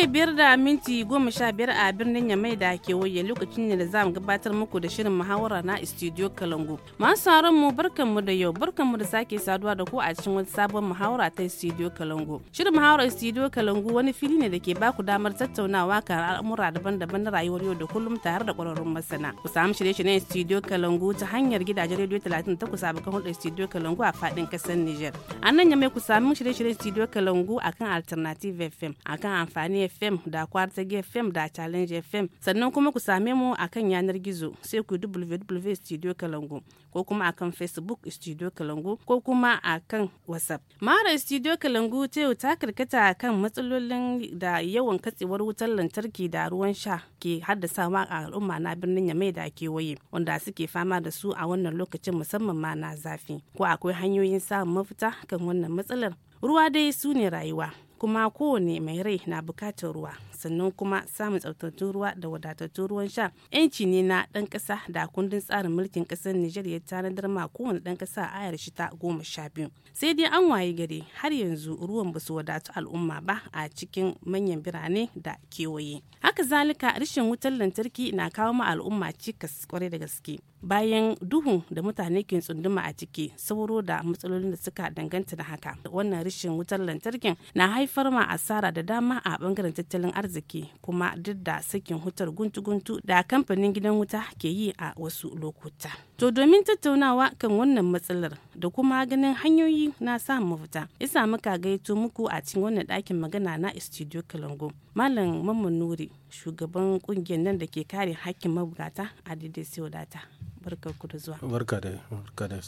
karfe biyar da minti goma sha biyar a birnin yamai da kewaye lokacin ne da za mu gabatar muku da shirin muhawara na studio kalangu masu sauran mu barkan mu da yau barkan mu da sake saduwa da ku a cikin wani sabon muhawara ta studio kalangu shirin muhawara studio kalangu wani fili ne da ke baku damar tattaunawa kan al'amura daban-daban na rayuwar yau da kullum tare da kwararrun masana ku samu shirye na studio kalangu ta hanyar gidajen rediyo 38 sabakan hulɗar studio kalangu a faɗin ƙasar niger a nan yamai ku samu shirye shirye studio kalangu akan alternative fm akan amfani fm da kwartage fm da challenge fm sannan kuma ku same mu akan yanar gizo sai ku www studio kalangu ko kuma akan facebook studio kalangu ko kuma akan whatsapp mara studio kalangu ta yau ta karkata kan matsalolin da yawan katsewar wutar lantarki da ruwan sha ke haddasa ma a al'umma na birnin yamai da kewaye wanda suke fama da su a wannan lokacin musamman ma na zafi ko akwai hanyoyin samun mafita kan wannan matsalar ruwa dai su ne rayuwa kuma kowane mai rai na bukatar ruwa sannan kuma samun tsaftatattun ruwa da wadatattun ruwan sha yanci ne na dan kasa da kundin tsarin mulkin kasar Nijar ya tanadar ma kowane dan kasa a ayar shi ta goma sha biyu sai dai an waye gari har yanzu ruwan ba su wadatu al'umma ba a cikin manyan birane da kewaye haka zalika rashin wutar lantarki na kawo ma al'umma cikas kwarai da gaske bayan duhun da mutane ke tsunduma a ciki sauro da matsalolin da suka danganta da haka wannan rashin wutar lantarkin na haifar ma asara da dama a bangaren tattalin arziki kuma duk da sakin wutar guntu-guntu da kamfanin gidan wuta ke yi a wasu lokuta to domin tattaunawa kan wannan matsalar da kuma ganin hanyoyi na samun mafita isa muka gaito muku a cikin wannan dakin magana na studio kalango malam mamman nuri shugaban kungiyar nan da ke kare hakkin mabugata a daidai wadata barka da zuwa barka da barka da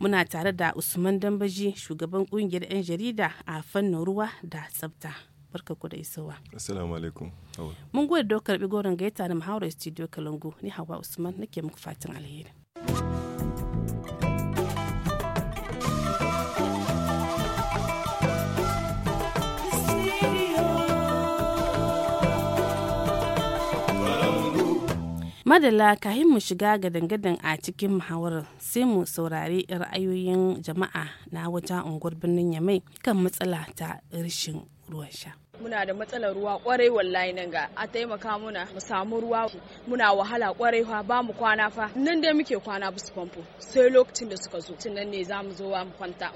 muna tare da usman dambaji shugaban kungiyar 'yan jarida a fannin ruwa da tsabta barka da isowa assalamu alaikum mun gode da karbi goron gaita na Mahaura studio kalangu ni hawa usman nake muku fatan alheri madala kahin mu shiga ga dangadan a cikin muhawarar sai mu saurari ra'ayoyin jama'a na wata unguwar birnin yamai kan matsala ta rashin ruwan sha muna da matsalar ruwa kwarai wallahi nan ga a taimaka muna mu samu ruwa muna wahala kwarai fa ba mu kwana fa nan dai muke kwana bisu famfo sai lokacin da suka zo tun nan ne za mu zo mu kwanta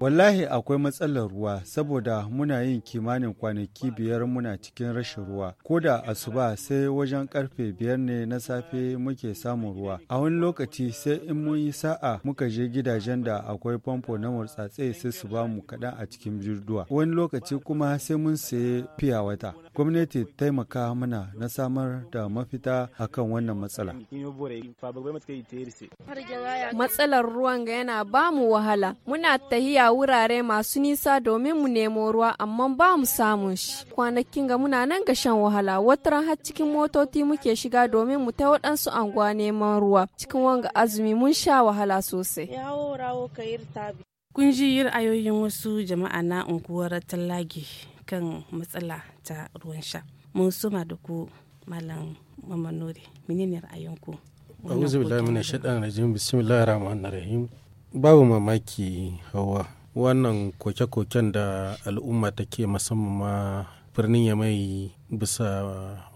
wallahi akwai matsalar ruwa saboda muna yin kimanin kwanaki biyar muna cikin rashin ruwa ko da asuba sai wajen karfe biyar ne na safe muke samun ruwa a wani lokaci sai in mun yi sa'a muka je gidajen da akwai famfo na murtsatse sai su ba mu kaɗan a cikin jirduwa wani lokaci kuma kuma sai mun sayi fiya wata. Gwamnati taimaka mana na samar da mafita akan wannan matsala. Matsalar ruwan ga yana ba mu wahala. Muna tahiya wurare masu nisa domin mu nemo ruwa amma ba mu samun shi. Kwanakin ga muna nan ga shan wahala. ran har cikin motoci muke shiga domin mu ta waɗansu anguwa neman ruwa. Cikin wanga azumi mun sha wahala sosai. kun ji ra'ayoyin wasu jama'a na unguwar tallage kan matsala ta ruwan sha mun suma da ku malam mamanore menene ra'ayinku a'udhu billahi minash shaitanir rajim bismillahir rahmanir rahim babu mamaki hawa wannan koke-koken da al'umma take musamman ma birnin ya mai bisa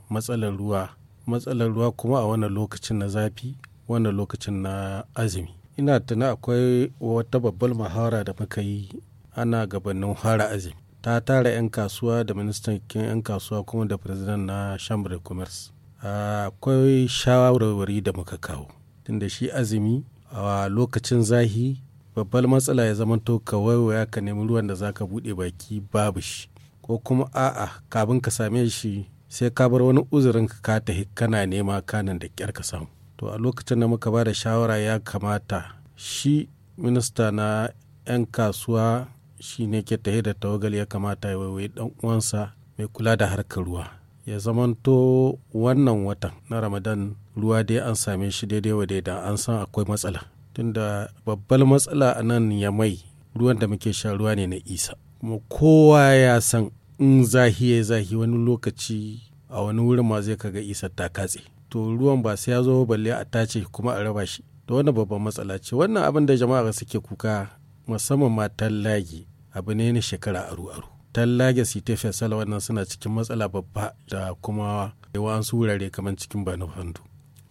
matsalar ruwa matsalar ruwa kuma a wannan lokacin na zafi wannan lokacin na azumi ina tuna akwai wata babbar mahara da muka yi ana gabanin hara azumi ta tara 'yan kasuwa da ministan 'yan kasuwa kuma da president na chamber commerce akwai shawarwari da muka kawo tunda shi azumi a lokacin zahi babbar matsala ya zamanto ka waiwaya ka nemi ruwan da za ka buɗe baki babu shi ko kuma a'a kafin ka same shi sai ka bar wani uzurin ka tahi kana nema kanan da kyar ka samu to a lokacin da muka ba da shawara ya kamata shi minista na 'yan kasuwa shi ne ke tahe da tawagal ya kamata ya waiwai dan uwansa mai kula da harkar ruwa ya zamanto wannan watan na ramadan ruwa dai an same shi daidai wa da an san akwai matsala tunda babbar matsala a nan ya mai ruwan da muke sha ruwa ne na isa kuma kowa ya san in zahi ya zahi wani lokaci a wani wurin ma zai kaga isa ta katse to ruwan ba sai ya zo balle a tace kuma a raba shi da wannan babban matsala ce wannan abin da jama'a suke kuka musamman ma tallage abu ne na shekara aru-aru tallage ta fesal wannan suna cikin matsala babba da kuma wa'ansu wurare kamar cikin bani fandu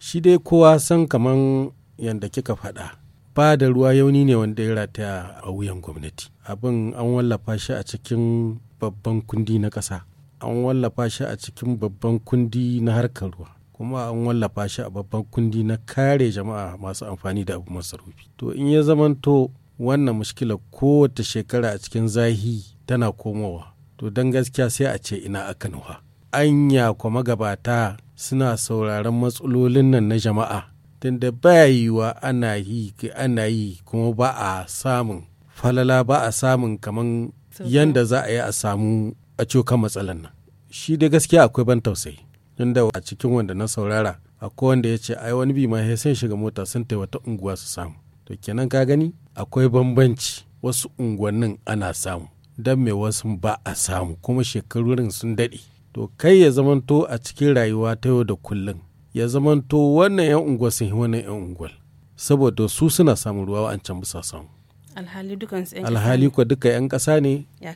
shi dai kowa san kamar yadda kika faɗa ba da ruwa yauni ne wanda ya rataya a wuyan gwamnati abin an wallafa shi a cikin babban kundi na ƙasa an wallafa shi a cikin babban kundi na harkar ruwa kuma an wallafa shi a babban kundi na kare jama'a masu amfani da abu masarufi to in ya zamanto wannan mushkila kowace shekara a cikin zahi tana komowa to don gaskiya sai a ce ina a kanuwa anya kuma gabata suna sauraron matsalolin nan na jama'a tunda baya yiwa ana yi ana yi kuma ba a samun falala ba a samun kaman yanda za a yi a samu a cokan matsalan nan shi da gaskiya akwai ban tausayi da a cikin wanda na saurara akwai wanda ya ce ai wani bi ma sai shiga mota sun ta wata unguwa su samu to kenan ka gani akwai bambanci wasu unguwannin ana samu don me wasu ba a samu kuma shekarurin sun daɗe to kai ya zamanto a cikin rayuwa ta yau da kullum ya zamanto wannan 'yan unguwa sun yi wannan 'yan unguwar saboda su suna samun ruwa can bisa samu alhali ko duka yan ƙasa ne ya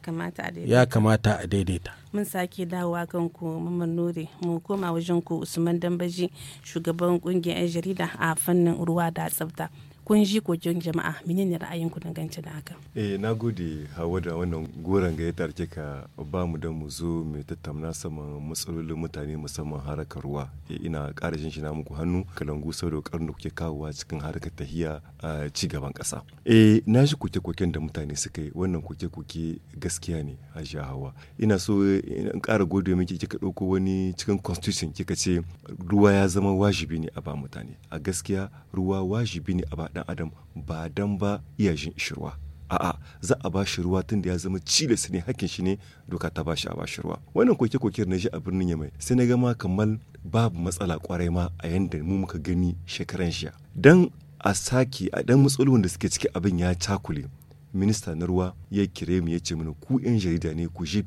kamata a daidaita mun sake dawowa kan ku mamman nure mu koma wajen ku usman dambaji shugaban kungiyar yan jarida a fannin ruwa da tsabta. kun ji kokin jama'a menene ra'ayinku dangance da haka eh na gode hawa da wannan goron gayyatar kika ba mu da mu zo mu tattauna saman matsalolin mutane musamman harkar ruwa eh, ina ƙara jin shi na muku hannu kalangu saboda ƙarin da kuke kawowa cikin harkar tahiya a ci gaban ƙasa eh na shi koke-koken da mutane suka yi wannan koke-koke gaskiya ne a hawa ina so in ƙara gode miki kika ɗauko wani cikin constitution kika ce ruwa ya zama wajibi ne a ba mutane a gaskiya ruwa wajibi ne a ba dan adam ba dan ba iya jin shirwa a'a za a ba shi ruwa tunda ya zama su ne hakkin shi ne doka ta ba shi a ba shi ruwa wannan koke koke na ji a birnin yamai sai na gama kamar babu matsala kwarai ma a yanda mu muka gani shekaran jiya dan a sake a dan matsalolin da suke ciki abin ya cakule minista na ruwa ya kire mu ya ce mana ku yan jarida ne ku je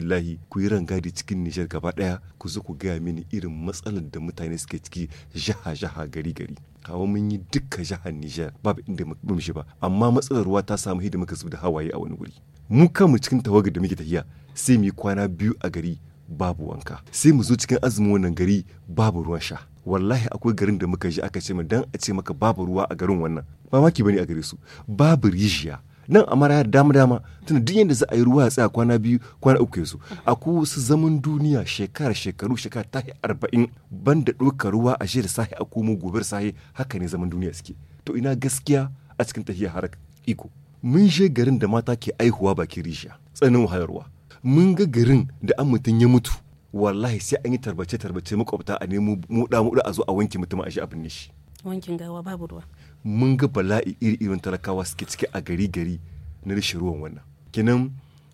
lahi ku yi rangadi cikin Nijar gaba daya ku zo ku gaya mini irin matsalar da mutane suke ciki jaha jaha gari gari kawo mun yi dukkan jihar Nijar babu inda mu shi ba amma matsalar ruwa ta samu hidima muka da hawaye a wani wuri mu kanmu cikin tawagar da muke tafiya sai mu yi kwana biyu a gari babu wanka sai mu zo cikin azumin wannan gari babu ruwan sha wallahi akwai garin da muka ji aka ce dan a ce maka babu ruwa a garin wannan mamaki bane a gare su babu rijiya nan amara dama dama tunda duk yadda za a yi ruwa ya tsaya kwana biyu kwana uku yanzu a wasu zaman duniya shekara shekaru shekara tahi arba'in ban da ɗaukar ruwa a da sahi a komo gobe da sahi haka ne zaman duniya suke to ina gaskiya a cikin tahiyar har iko mun je garin da mata ke aihuwa bakin rishiya tsanin wahalarwa mun ga garin da an mutum ya mutu wallahi sai an yi tarbace tarbace makwabta a nemo muɗa a zo a wanke mutum a shi abin ne shi wankin gawa babu ruwa mun ga bala'i iri irin talakawa suke ciki a gari gari na rashin ruwan wannan kenan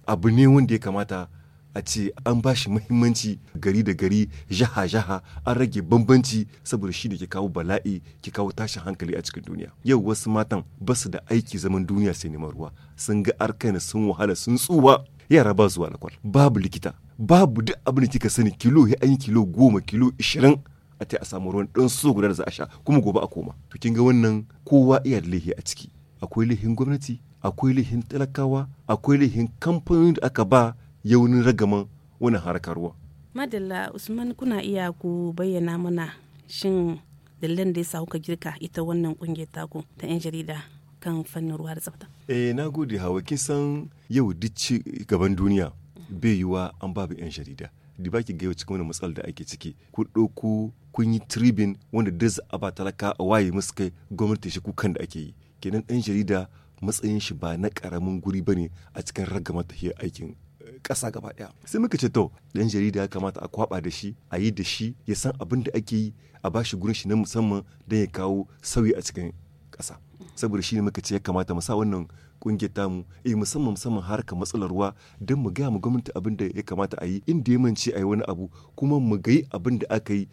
abu ne wanda ya kamata a ce an ba shi muhimmanci gari da gari jaha jaha an rage bambanci saboda shi da ke kawo bala'i ke kawo tashin hankali a cikin duniya yau wasu matan ba su da aiki zaman duniya sai neman ruwa sun ga arkana sun wahala sun tsuwa yara ba zuwa lakwal babu likita babu duk abin da kika sani kilo ya an kilo goma kilo ishirin a ta a samu ruwan ɗan su guda da za a sha kuma gobe a koma to kin ga wannan kowa iya da laihi a ciki akwai laihin gwamnati akwai laihin talakawa akwai laihin kamfanin da aka ba yaunin ragaman wani harkar ruwa madalla usman kuna iya ku bayyana mana shin dalilan da ya sa kuka girka ita wannan kungiyar taku ta yan jarida kan fannin ruwa da tsafta eh na gode hawa kin san yau duk ci gaban duniya bai yiwa an babu yan jarida da ba ki gaiwa cikin wani matsalar da ake ciki ku ɗauko kun yi tribin wanda duk za a ba talaka a waye musu kai gwamnati shi kukan da ake yi kenan ɗan jarida matsayin shi ba na ƙaramin guri ba ne a cikin ragamar tahiyar aikin eh, ƙasa gaba ɗaya sai muka ce to ɗan jarida ya kamata a kwaɓa da shi a yi da shi ya san abin da ake yi a ba shi gurin shi na musamman don ya kawo sauyi a cikin ƙasa saboda shi ne muka ce ya kamata mu sa wannan kungiyar tamu eh musamman musamman harkar matsalar ruwa don mu gaya mu gwamnati abin da ya kamata a yi inda ya mance a yi wani abu kuma mu gayi abin da aka yi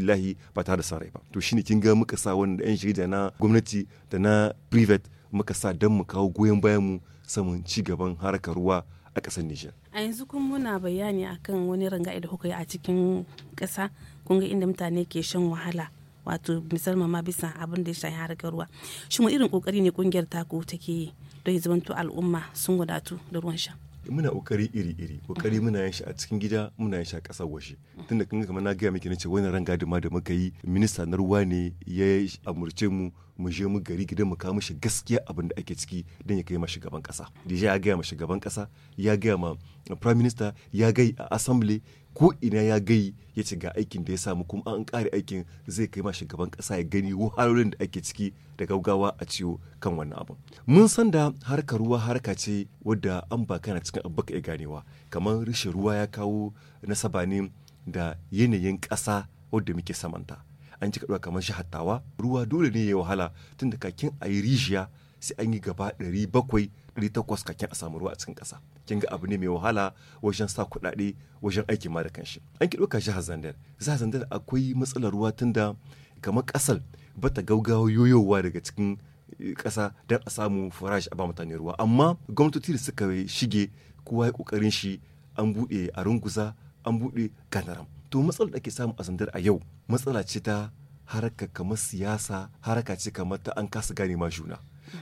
lahi ba tare da sarai ba to shine kin ga muka sa wanda yan shirya na gwamnati da na private muka sa don mu kawo goyon bayan mu saman ci gaban harkar ruwa a ƙasar Nijar. A yanzu kun muna bayani akan wani rangaɗi da kuka yi a cikin ƙasa kun ga inda mutane ke shan wahala wato misalmama ma bisa abin da ya shafi harkar ruwa shin irin kokari ne kungiyar ta ko take yi don ya al'umma sun wadatu da ruwan sha muna kokari iri-iri kokari muna yin shi a cikin gida muna yin shi a ƙasar washe tunda kanga kamar na gaya miki na ce wannan rangadi ma da muka yi minista na ruwa ne ya amurce mu mu je mu gari gidan mu kawo mishi gaskiya abin da ake ciki don ya kai ma shugaban kasa. Deja ya gaya ma shugaban kasa ya gaya ma prime minister ya gai a assembly ko ina ya gai ya ce ga aikin da ya samu kuma an kare aikin zai kai ma shugaban ƙasa ya gani wahalolin da ake ciki da gaugawa a ciwo kan wannan abin mun san da harkar ruwa harka ce wadda an ba kana cikin abu ka ganewa kamar rishin ruwa ya kawo nasaba ne da yanayin ƙasa wadda muke samanta an ci kaɗuwa kamar shahattawa ruwa dole ne ya wahala tun da kakin a yi rijiya sai an yi gaba ɗari bakwai takwas kakin a samu ruwa a cikin ƙasa kin ga abu ne mai wahala wajen sa kuɗaɗe wajen aiki ma da kanshi an ki ɗauka jihar zandar jihar zandar akwai matsalar ruwa tunda kamar ƙasar bata gaugawa yoyowa daga cikin eh, ƙasa don a samu farashi a ba mutane ruwa amma gwamnatoci da suka shige kowa ya ƙoƙarin shi an buɗe a runguza an buɗe ganaram to matsalar da ke samu a zandar a yau matsala ce ta haraka kamar siyasa haraka ce kamar ta an kasa gane ma juna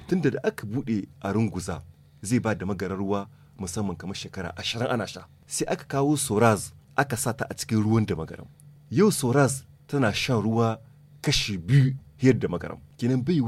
tunda da aka buɗe a runguza zai ba da magarar ruwa musamman kamar shekara ashirin ana sha sai aka kawo soraz aka sa ta a cikin ruwan da magaram yau soraz tana shan ruwa kashi biyu yadda magaram kenan bai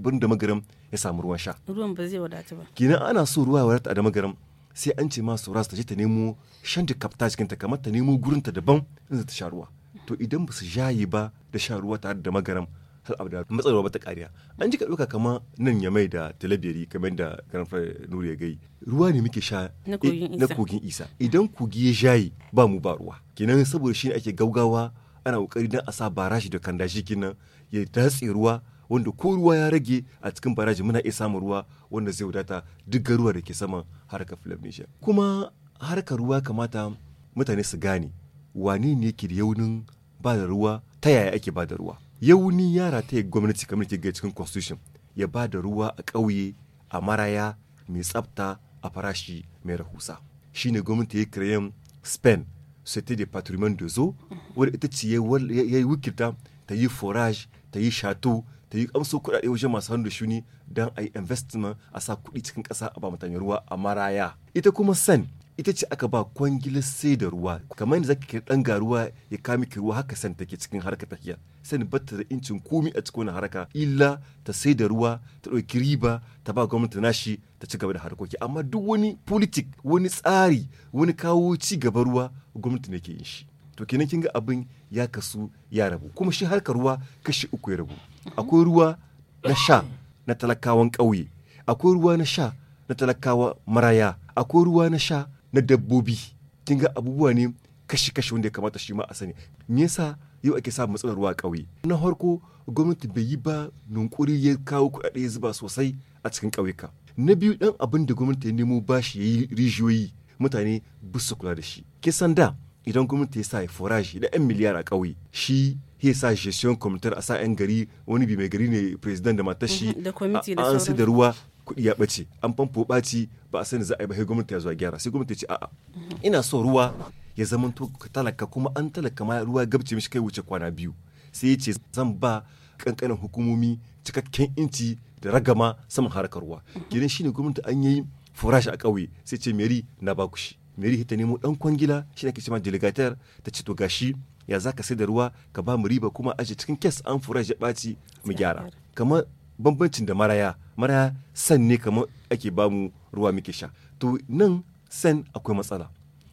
birnin da magaram ya samu ruwan sha ruwan ba zai wadata ba kenan ana so ruwa ya wadata da magaram sai an ce ma soraz ta je ta nemo shan da kafta cikin ta kamar ta nemo gurinta daban in za ta sha ruwa to idan ba su jaye ba da sha ruwa tare da magaram har da matsalar wata kariya an ji ka ɗauka kama nan ya mai da talabiri kamar da karamfar nuri ya gai ruwa ne muke sha na eh, kogin isa idan kogi ya shayi ba mu ba ruwa kenan saboda shi ne ake gaugawa ana kokari dan a sa barashi da kandashi kenan ya datse ruwa wanda ko ruwa ya rage a cikin baraji muna iya samun ruwa wanda zai wadata duk ruwa da ke saman harkar filamnisha kuma harkar ruwa kamata mutane su gane wane ne ke da yaunin ba da ruwa ta yaya ake ba da ruwa yauni ya rataye gwamnati kamar ke cikin constitution ya ba da ruwa a ƙauye a maraya mai tsafta a farashi mai rahusa shi ne gwamnati ya kiran spain société de patrimoine de zo wadda ita ce ya yi wikita ta yi forage ta yi chateau ta yi amso kuɗaɗe wajen masu hannu da shuni don a yi investment a sa kuɗi cikin ƙasa a ba mutane ruwa a maraya ita kuma sen ita ce aka ba kwangilar sai da ruwa kamar yadda zaka kira dan garuwa ya kami ki ruwa haka san take cikin harka tafiya sani batta da incin komi a cikin wannan haraka illa ta sai da ruwa ta ɗauki riba ta ba gwamnati nashi ta ci gaba da harkoki amma duk wani politik wani tsari wani kawo ci gaba ruwa gwamnati ne ke yin shi to kenan kin ga abin ya kasu ya rabu kuma shi harkar ruwa kashi uku ya rabu akwai ruwa na sha na talakawan ƙauye akwai ruwa na sha na talakawa maraya akwai ruwa na sha na dabbobi kin ga abubuwa ne kashi-kashi wanda ya kamata shi ma a sani me yasa yau ake samun matsalar ruwa kauye ƙauye na farko gwamnati bai yi ba nunkuri ya kawo kuɗaɗe ya zuba sosai a cikin ƙauyuka na biyu dan abin da gwamnati ya nemo bashi ya yi rijiyoyi mutane su kula da shi san da idan gwamnati ya sa ya foraji da 'yan miliyar a ƙauye shi ya sa gestion communautaire a sa 'yan gari wani bi mai gari ne president da matashi an mhm, sai da ruwa kuɗi ya ɓace an famfo ɓaci ba a sani za a yi ba sai gwamnati ya zuwa gyara sai gwamnati ce a'a ina so ruwa ya zama to talaka kuma an talaka ma ruwa gabce mishi kai wuce kwana biyu sai ya ce zan ba kankanin hukumomi cikakken inci da ragama saman harkar ruwa gidan shine gwamnati an yi furashi a kauye sai ce meri na ba ku shi meri ta nemo dan kwangila shi ake cewa deligatar ta ce to gashi ya zaka sai da ruwa ka ba mu riba kuma aje cikin kes an furashi ya ɓaci mu gyara kamar bambancin da maraya maraya san ne kamar ake bamu ruwa muke sha to nan san akwai matsala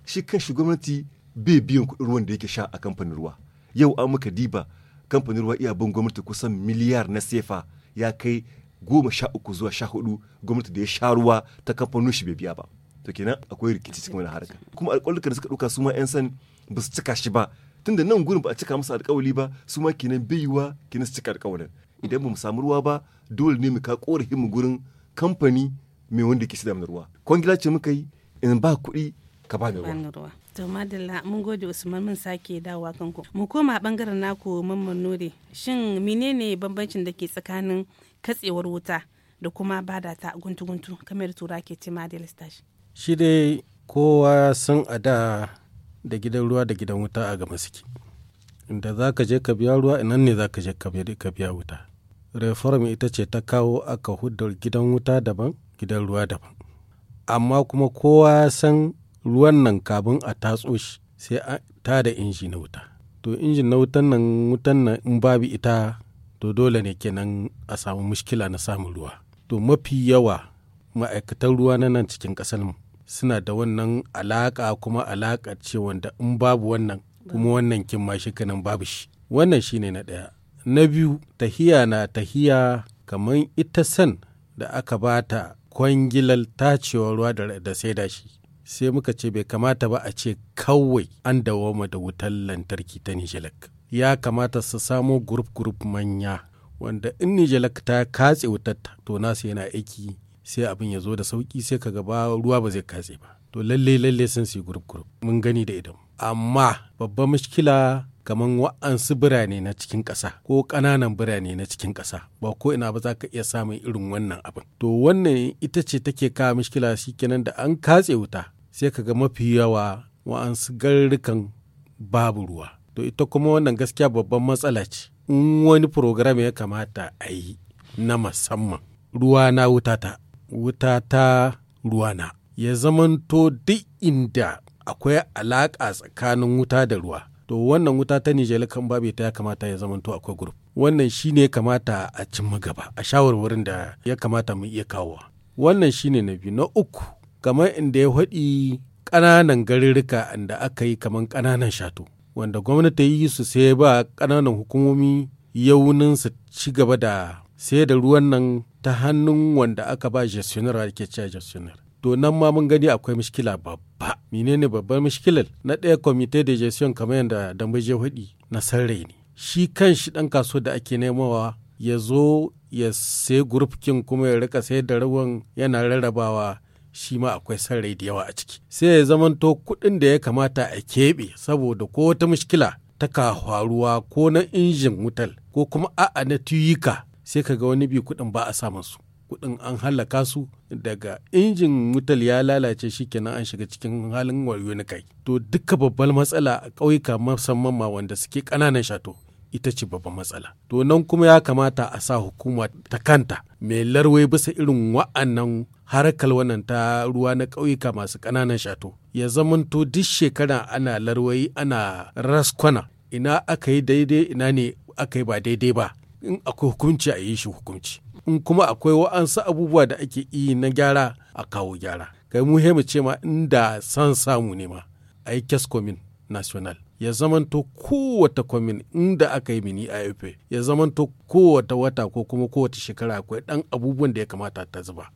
shi kan shi gwamnati bai biyan kuɗin ruwan da yake sha a kamfanin ruwa yau an muka diba kamfanin ruwa iya bin gwamnati kusan miliyar na sefa ya kai goma sha uku zuwa sha hudu gwamnati da ya sha ruwa ta kamfanin shi bai biya ba to kenan akwai rikici cikin wani harka kuma alƙalukan da suka ɗauka su ma 'yan san ba su cika shi ba tunda nan gurin ba a cika musu alƙawali ba su ma kenan bai yiwa kenan su cika alƙawalin idan ba mu samu ruwa ba dole ne mu ka korafin mu gurin kamfani mai wanda ke sida ruwa kwangila ce muka yi in ba kuɗi ka ba mai ruwa to madalla mun gode usman mun sake dawowa kanku mu koma bangaren naku mamman nore shin menene bambancin da ke tsakanin katsewar wuta da kuma bada ta guntu-guntu kamar tura ke ce madalla stash shi dai kowa sun ada da gidan ruwa da gidan wuta a gama suke inda za ka je ka biya ruwa inan ne za ka je ka biya wuta reform ita ce ta kawo aka hudar gidan wuta daban gidan ruwa daban amma kuma kowa san ruwan nan kabin a tatso shi sai a ta da inji na wuta to injin na wutan nan wutan nan in babu ita to dole ne kenan a samu mushkila na samun ruwa to mafi yawa ma'aikatan ruwa na nan cikin ƙasar mu suna da wannan alaka kuma alaƙa ce wanda in babu wannan kuma wannan kin ma shi kanan babu shi wannan shine na ɗaya na biyu tahiya na tahiya kamar ita san da aka ba ta kwangilal tacewar ruwa da da saida shi sai muka ce bai kamata ba a ce kawai an dawoma da wutar lantarki ta nijalak ya kamata su samo gurup gurup manya wanda in nijalak ta katse wutar to nasu yana aiki sai abin ya zo da sauki sai ka gaba ruwa ba zai katse ba to lalle lalle sun su gurup gurup mun gani da idan amma babban mashkila kamar wa'ansu birane na cikin ƙasa ko ƙananan birane na cikin ƙasa ba ko ina ba za ka iya samun irin wannan abin to wannan ita ce take kawo mishkila kenan da an katse wuta sai ka ga mafi yawa wa'ansu garrukan babu ruwa to ita kuma wannan gaskiya babban matsala ce in wani program ya kamata a yi na musamman ruwa na wuta ta wuta ta ruwa na ya zamanto duk inda akwai alaƙa tsakanin wuta da ruwa to wannan wuta ta Nijar kan babe ta ya kamata ya zamanto akwai guruf. wannan shine kamata a cimma gaba a shawarwarin da ya kamata mu iya kawo wannan shine na biyu na uku kamar inda ya haɗi ƙananan garirrika inda aka yi kamar ƙananan shato wanda gwamnati yi su sai ba ƙananan hukumomi yaunin su ci gaba da sai da ruwan nan ta hannun wanda aka ba gestionar ake cewa jesunar to nan ma mun gani akwai mishkila babba menene babbar mishkilar na ɗaya kwamite da gestion kamar yadda je hudi na sarrai ne shi kan shi ɗan kaso da ake nemawa ya zo ya sai gurfkin kuma ya rika sai da rawan yana rarrabawa shi ma akwai sarrai da yawa a ciki sai ya zamanto kuɗin da ya kamata a keɓe saboda ko wata mishkila ta ka faruwa ko na injin wutal ko kuma a'a na tuyika sai ka ga wani bi kuɗin ba a samun su kudin an halaka su daga injin wutar ya lalace shi kenan an shiga cikin halin wayo na kai to duka babbar matsala a ƙauyuka musamman ma wanda suke ƙananan shato ita ce babban matsala. To nan kuma ya kamata a sa hukuma ta kanta mai larwai bisa irin wa'annan harkar wannan ta ruwa na ƙauyuka masu ƙananan shato. Ya zamanto duk shekara ana larwai ana raskwana ina aka yi daidai ina ne aka yi ba daidai ba in akwai hukunci a yi shi hukunci. in kuma akwai wa'ansu abubuwa da ake yi na gyara a kawo gyara kai mu mu ce ma inda san samu ne ma a yi keskomin national ya zamanto kowata komin inda aka yi mini IOP ya zamanto kowata wata ko kuma kowata shekara akwai dan abubuwan da ya kamata ta zuba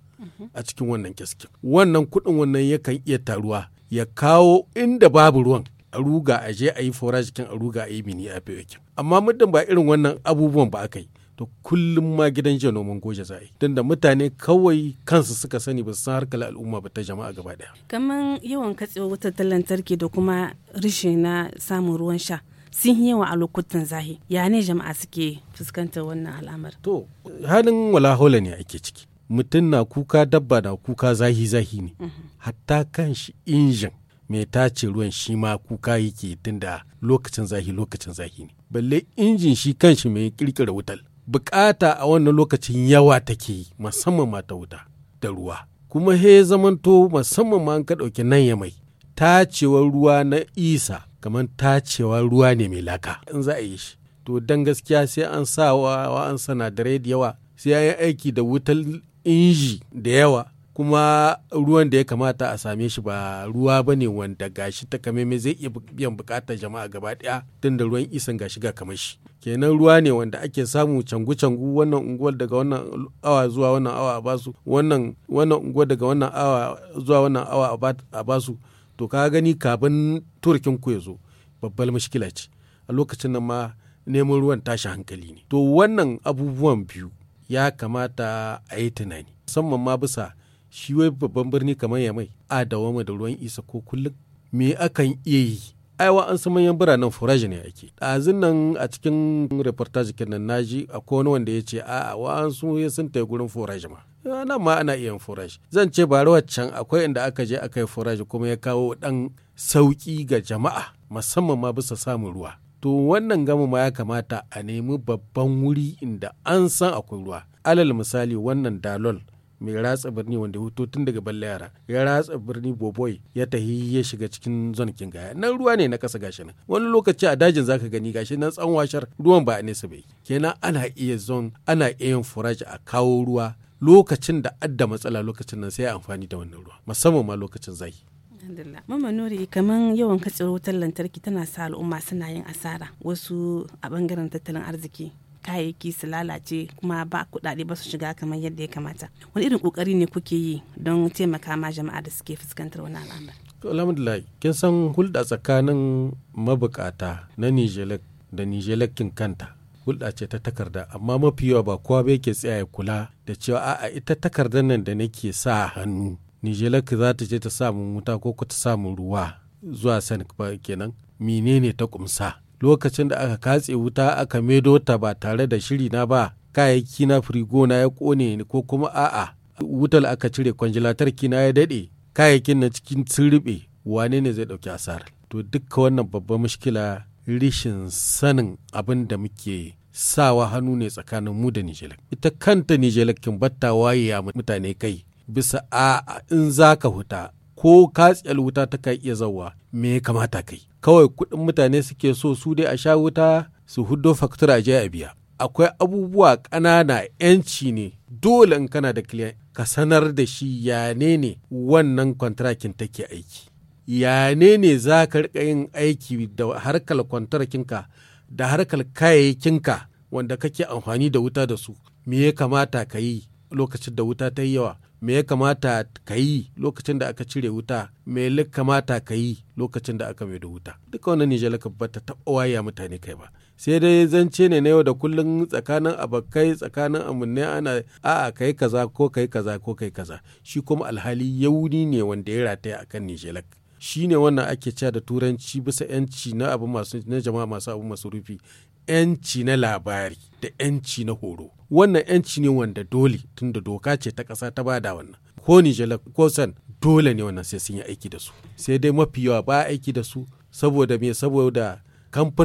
a cikin wannan keskin wannan kuɗin wannan yakan iya taruwa ya kawo inda babu ruwan a ruga a je a yi fora jikin a ruga a yi mini IFA amma muddin ba irin wannan abubuwan ba aka yi to kullum ma gidan jiya noman goje za a yi don da mutane kawai kansu suka sani ba su san harkar al'umma ba ta jama'a gaba daya kamar yawan katsewa wutar lantarki da kuma rishe na samun ruwan sha sun yi yawa a lokutan zahi ya ne jama'a suke fuskantar wannan al'amar to halin walahola ne ake ciki mutum na kuka dabba na kuka zahi zahi ne mhm. hatta kan shi injin mai tace ruwan shi ma kuka yake tunda lokacin zahi lokacin zahi ne balle injin shi kanshi mai kirkira wutar bukata a wannan lokacin yawa take yi musamman mata wuta da ruwa kuma he zamanto musamman ma an ka ɗauki nan ya mai tacewar ruwa na isa kamar tacewa ruwa ne mai laka in za a yi shi to dan gaskiya sai an sa wa an sanadarai da yawa sai an yi aiki da wutar inji da yawa kuma ruwan da ya kamata a same shi ba ruwa ba ne wanda gashi ta zai iya biyan bukatar jama'a gaba daya tun da ruwan isan gashi ga kamar shi kenan ruwa ne wanda ake samu cangu-cangu wannan unguwar daga wannan awa zuwa wannan awa a basu wannan wannan unguwar daga wannan awa zuwa wannan awa a basu to ka gani kafin turkin ku ya zo babbal mashkila ce a lokacin nan ma neman ruwan tashi hankali ne to wannan abubuwan biyu ya kamata a yi tunani musamman ma bisa shi wai babban birni kamar ya mai a dawama da ruwan isa ko kullum me akan iya yi aiwa an manyan biranen furaji ne ake ɗazin nan a cikin reportage kenan naji akwai wani wanda ya ce a'a wa'ansu ya sun ta gurin furaji ma eh, nan ma ana iya furaji zan ce ba can akwai inda aka je aka yi furaji kuma ya kawo dan sauƙi ga jama'a musamman ma bisa samun ruwa to wannan gama ma ya kamata a nemi babban wuri inda an san akwai ruwa alal misali wannan dalol mai ratsa birni wanda hutu tun daga balle yara ya ratsa birni boboi ya tahi ya shiga cikin zon kingaya nan ruwa ne na kasa gashi nan wani lokaci a dajin zaka gani gashi nan tsan washar ruwan ba a nesa bai kenan ana iya zon ana iya yin furaji a kawo ruwa lokacin da adda matsala lokacin nan sai a amfani da wannan ruwa musamman ma lokacin zafi alhamdulillah mama nuri kamar yawan katsewar wutar lantarki tana sa al'umma suna yin asara wasu a bangaren tattalin arziki kayayyaki su lalace kuma ba kuɗaɗe ba su shiga kamar yadda ya kamata wani irin ƙoƙari ne kuke yi don taimaka ma jama'a da suke fuskantar wani al'amari to alhamdulillah kin san hulɗa tsakanin mabukata na nijelek da nijelakin kanta hulɗa ce ta takarda amma mafi yawa ba kowa bai ke tsaya ya kula da cewa a'a ita takardar nan da nake sa hannu nijelek za ta je ta samu wuta ko ta samu ruwa zuwa sanik ba kenan menene ta kumsa lokacin da aka katse wuta aka maido ta ba tare da shiri na ba kayayyaki na firigo na ya kone ni ko kuma a'a wutar aka cire kwanjilatar kina ya dade. kayayyakin na cikin sun rube wane ne zai ɗauki asar? to dukka wannan babban mushkila rishin sanin abin da muke sawa hannu ne tsakanin mu da nijelak ita kanta nijelakin batta waye mutane kai bisa a in za huta ko katsiyar wuta ta kan iya zawa me ya kamata kai kawai kuɗin mutane suke so su dai a sha wuta su hudo faktura je a biya akwai abubuwa ƙanana yanci ne dole in kana da kiliyan ka sanar da shi ya ne wannan kwantarakin take aiki yane ne za ka riƙa yin aiki da harkar kwantarakinka da harkar kayayyakinka wanda kake amfani da wuta da su me ya kamata ka yi lokacin da wuta ta yi yawa me ya kamata ka yi lokacin da aka cire wuta me ya kamata ka yi lokacin da aka maida wuta duka wannan nijar ka bata taɓa waya mutane kai ba sai dai zance ne na yau da kullum tsakanin abakai tsakanin amunne ana a'a kai kaza ko kai kaza ko kai kaza shi kuma alhali yauni ne wanda ya rataya akan nijelak shi ne wannan ake cewa da turanci bisa yanci na abu masu na jama'a masu abu masu rufi yanci na labari da yanci na horo wannan yanci ne wanda dole tun da doka ce ta kasa ta bada wannan ko nijela ko san dole ne wannan sai sun yi aiki da su sai dai mafi yawa ba aiki da su saboda me saboda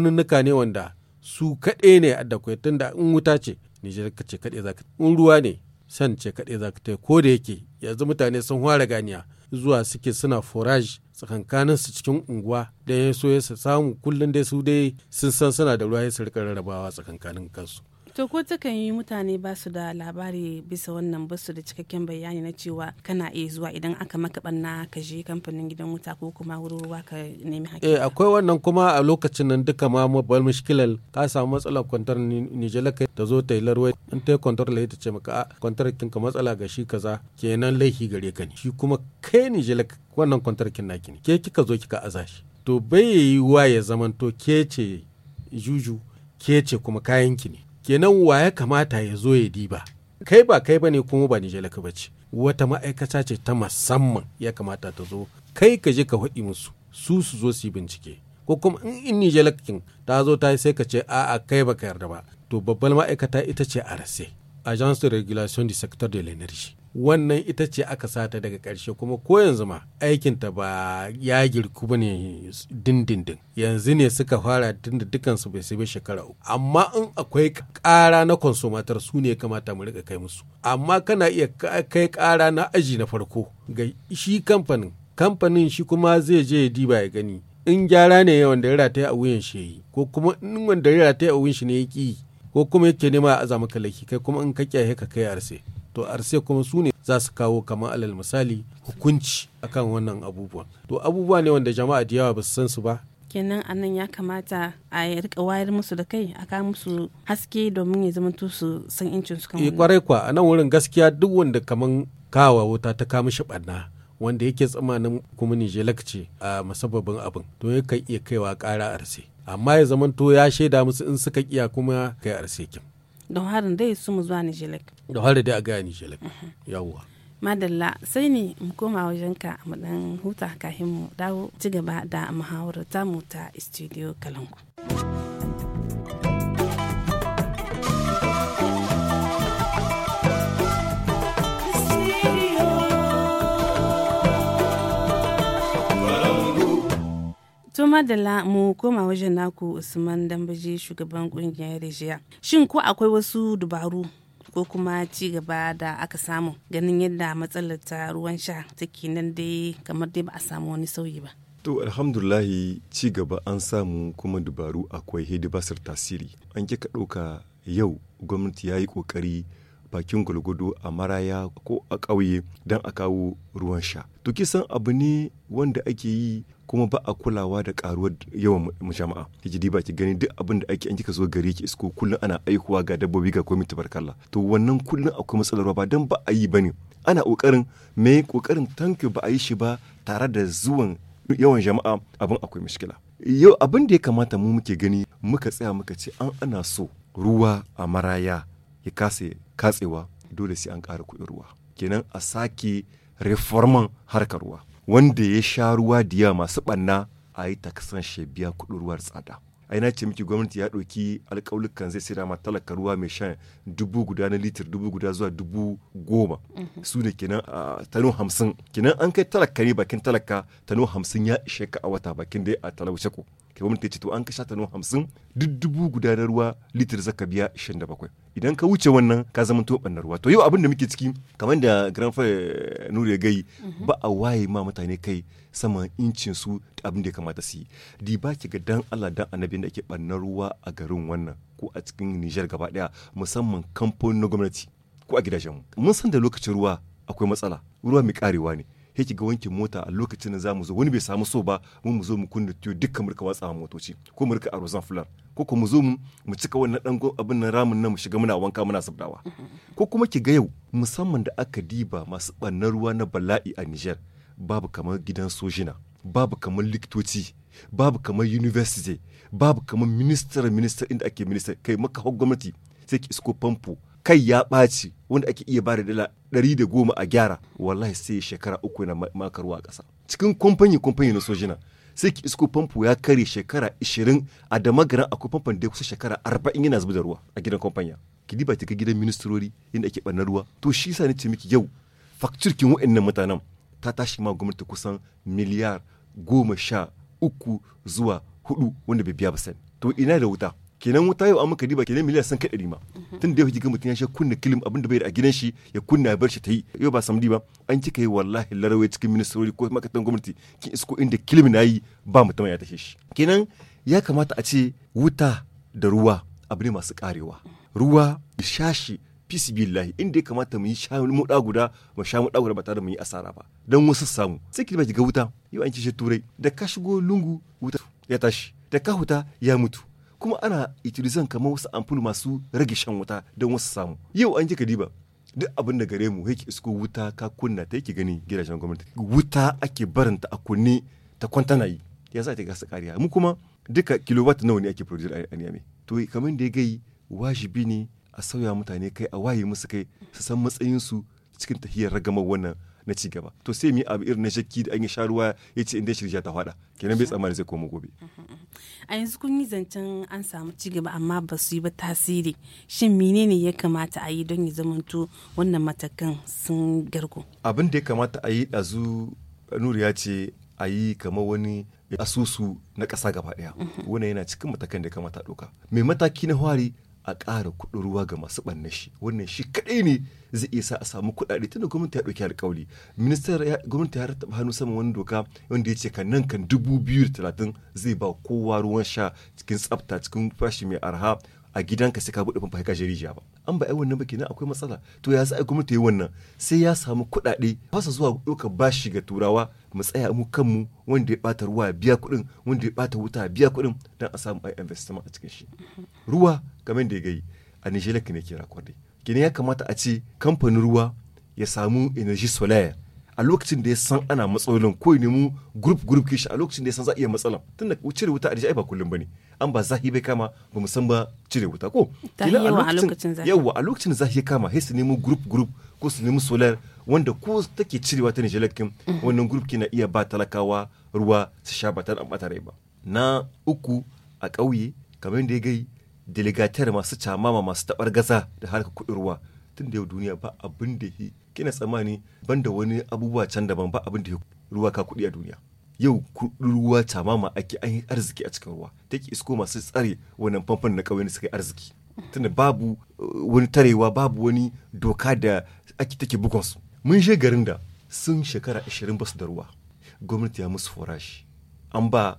nuka ne wanda su kaɗai ne a dakwai da in wuta ce nijar ka ce kaɗai za ka in ruwa ne san ce kaɗai za ka ta ko da yake yanzu mutane sun fara ganiya zuwa suke suna forage tsakankanin su cikin unguwa da ya so ya samu kullum dai su dai sun san suna da ruwa ya su rika rarrabawa tsakankanin kansu to ko takan yi mutane ba su da labari bisa wannan ba su da cikakken bayani na cewa kana iya zuwa idan aka maka banna ka je kamfanin gidan wuta ko kuma wurin ruwa ka nemi hakika eh akwai wannan kuma a lokacin nan duka ma mabal mushkilal ka samu matsalar kwantar nijela kai ta zo ta yi larwai in ta yi kwantar ta ce maka a kwantar kin ka matsala ga shi kaza kenan laifi gare ka ne shi kuma kai nijela wannan kwantar kin naki ne ke kika zo kika aza shi to bai yi wa ya zamanto ke ce juju ke ce kuma kayan ki ne kenan wa ya kamata ya zo ya diba kai ba kai bane kuma ba ni jalaka bace wata ma'aikata ce ta musamman ya kamata ta zo kai ka je ka faɗi musu su su zo su yi bincike ko kuma in in jalakin ta zo ta sai ka ce a'a kai ba ka yarda ba to babbar ma'aikata ita ce a rase agence de regulation du secteur de l'énergie wannan ita ce aka sata daga ƙarshe kuma ko yanzu ma aikinta ba ya girku ba ne dindindin yanzu ne suka fara tunda dukansu bai sai shekara uku amma in akwai ƙara na konsomatar su ne kamata mu riƙa kai musu amma kana iya kai ƙara na aji na farko ga shi kamfanin kamfanin shi kuma zai je ya diba ya gani in gyara ne yawan ya rataya a wuyan shi yi ko kuma in wanda ya a wuyan shi ne ya ki ko kuma yake nema a zama kalaki kai kuma in ka kyaye ka kai arse to arse kuma su ne za su kawo kamar alal misali hukunci akan wannan abubuwa to abubuwa ne wanda jama'a da yawa ba su san su ba kenan anan ya kamata a rika wayar musu da kai a kawo musu haske domin ya zama su san incin su kan kwarai eh, kwa anan nan wurin gaskiya duk wanda kaman kawa wuta ta kama shi barna wanda yake tsamanin kuma nije ce a masababin abin to yakan iya kaiwa kara arse amma ya zamanto ya shaida musu in suka kiya kuma kai arse kin don harin dai su mu zuwa nijelek da harin dai a gaya nijelek yawwa madalla sai ne mu koma wajenka mu dan huta kafin mu dawo ci gaba da muhawarar mu ta studio kalangu. To madalla mu koma wajen naku Usman Dambaje shugaban kungiyar Rijiya. Shin ko akwai wasu dubaru ko kuma ci gaba da aka samu ganin yadda matsalar ta ruwan sha take nan dai kamar dai ba a samu wani sauyi ba. To alhamdulahi ci gaba an samu kuma dubaru akwai hidibasar tasiri. An kika ɗauka yau gwamnati ya yi ƙoƙari bakin gulgudu a maraya ko a ƙauye don a kawo ruwan sha. To kisan abu ne wanda ake yi kuma ba a kulawa da karuwar yawan jama'a kiji ba ki gani duk abin da ake an kika zo gari ki isko kullun ana aikuwa ga dabbobi ga komai tabarkalla to wannan kullun akwai matsalar ba dan ba a yi bane ana kokarin me kokarin tanki ba a yi shi ba tare da zuwan yawan jama'a abin akwai mishkila yau abin da ya kamata mu muke gani muka tsaya muka ce an ana so ruwa a maraya ya kase katsewa dole sai an ƙara kuɗin ruwa kenan a sake reforman harkar ruwa wanda ya sha ruwa da yawa masu ɓanna a yi takasan biya kuɗin ruwar tsada a ina ce miki gwamnati ya ɗauki alƙaulukan zai sayar ma talaka ruwa mai shan dubu guda na litir dubu guda zuwa dubu goma mhm. su ne kenan a tano hamsin kenan an kai talaka ne bakin talaka tano hamsin ya ishe ka a wata bakin dai a talauce ko kai gwamnati ce to an kasha ta nuna hamsin duk dubu guda na ruwa litir zaka biya ishirin da bakwai idan ka wuce wannan ka zama to ɓanna ruwa to yau abin da muke ciki kamar da granfa nuri ya gai mhm. ba a waye ma mutane kai saman incin su abin da ya kamata su yi di ba ki ga dan Allah dan annabin da ke ɓanna ruwa a garin wannan ko a cikin Nijar gaba daya musamman kamfanin na gwamnati ko a mu. mun san da lokacin ruwa akwai matsala ruwa mai karewa ne sai ki ga wanke mota a lokacin da zamu zo wani bai samu so ba mu mu zo mu kunna tiyo dukkan mu rika watsa motoci ko mu rika arozan fular ko kuma zo mu cika wannan dan abin nan ramin nan mu shiga muna wanka muna sabdawa ko kuma ki ga yau musamman da aka diba masu bannar ruwa na bala'i a Niger babu kamar gidan sojina babu kamar likitoci babu kamar university babu kamar minister minister inda ake minister kai maka gwamnati sai ki isko famfo kai ya ɓaci wanda ake iya ba da dala ɗari da goma a gyara wallahi sai shekara uku na makarwa a ƙasa cikin kwamfani kwamfani na sojina sai ki isko famfo ya kare shekara ishirin a da magaran akwai famfon da kusa shekara arba'in yana zuba da ruwa a gidan kwamfanya ki diba ta gidan ministrori inda ake ɓanna ruwa to shi sa ce miki yau fakturkin wa'annan mutanen ta tashi ma gwamnati kusan miliyar goma sha uku zuwa hudu wanda bai biya ba sani to ina da wuta kenan wuta yau an muka riba kenan miliyan san kaɗari ma mhm. tun da yau ga mutum ya sha kunna kilim abin da bai da a gidan shi ya kunna ya bar shi ta yi yau ba samdi ba an cika yi wallahi larawai cikin ministrori ko makatan gwamnati kin isko inda kilim na yi ba mutum ya tashe shi kenan ya kamata a ce wuta da ruwa abu ne masu karewa ruwa shashi fisi billahi inda ya kamata mu yi sha da guda mu sha da guda ba tare da mu yi asara ba dan wasu samu sai ki ba ki ga wuta yau an ci turai da ka shigo lungu wuta ya tashi da ka huta ya mutu kuma ana itilizan kamar wasu amfani masu rage shan wuta don wasu samu yau an ji diba duk abin da gare mu yake isko wuta ka kunna ta yake gani gidajen gwamnati wuta ake ta a kunne ta kwantana yi ya sa ta gasa kariya mu kuma duka kilowatt nawa ne ake producer a ne. to kamar da ya gai wajibi ne a sauya mutane kai a waye musu kai su san matsayinsu cikin tahiyar ragamar wannan na ci gaba to sai mu abu irin na shakki da an yi sharuwa ya ce inda shirya ta faɗa kenan bai tsammani zai komo gobe a yanzu kun yi zancen an samu ci gaba amma ba su yi ba tasiri shin menene ya kamata a yi don ya zamanto wannan matakan sun garko. abin da ya kamata a yi ɗazu nuri ya ce a yi kamar wani asusu na ƙasa gaba ɗaya mhm. wannan yana cikin matakan da ya kamata a ɗauka mai mataki na hwari a ƙara kuɗin ruwa ga masu ɓanna shi wannan shi kaɗai ne zai iya sa a samu kuɗaɗe tunda gwamnati ya ɗauki alƙawari ministar gwamnati ya taɓa hannu saman wani doka wanda ya ce kan nan kan dubu biyu da talatin zai ba kowa ruwan sha cikin tsafta cikin fashi mai arha a gidanka sai ka buɗe famfa ka rijiya ba an ba ai wannan ba kenan akwai matsala to ya sai gwamnati yi wannan sai ya samu kuɗaɗe fasa zuwa ba bashi ga turawa mu tsaya mu kanmu wanda ya ɓata ruwa biya kuɗin wanda ya ɓata wuta biya kuɗin don a samu ai investment a cikin shi mm-hmm. ruwa kamar da ya gai a nigeria kine ke rakwade gini ya kamata a ce kamfanin ruwa ya samu energy solar a lokacin da ya san ana matsalolin ko ne mu group group kishi a lokacin da ya san za a iya matsalan tunda cire wuta a ai ba kullum bane an ba zahi bai kama ba mu san ba cire wuta ko yawa a lokacin zahi ya kama sai su nemi group group ko su nemi solar wanda ko take cirewa ta nigeria kin mm-hmm. wannan group kina iya ba talakawa ruwa su sha ba tare ba na uku a ƙauye kamar da ya gai delegatiyar masu camama masu tabar gaza da harkar kuɗin ruwa tun da yau duniya ba abin da ke kina tsammani ban da wani abubuwa can daban ba abin da ke ruwa ka kuɗi a duniya yau kuɗin ruwa camama ake an yi arziki a cikin ruwa take isko masu tsare wannan famfon na ƙauyen suka yi arziki tunda babu uh, wani tarewa babu wani doka da ake take su mun je garin da sun shekara ashirin su da ruwa gwamnati ya musu forashi an ba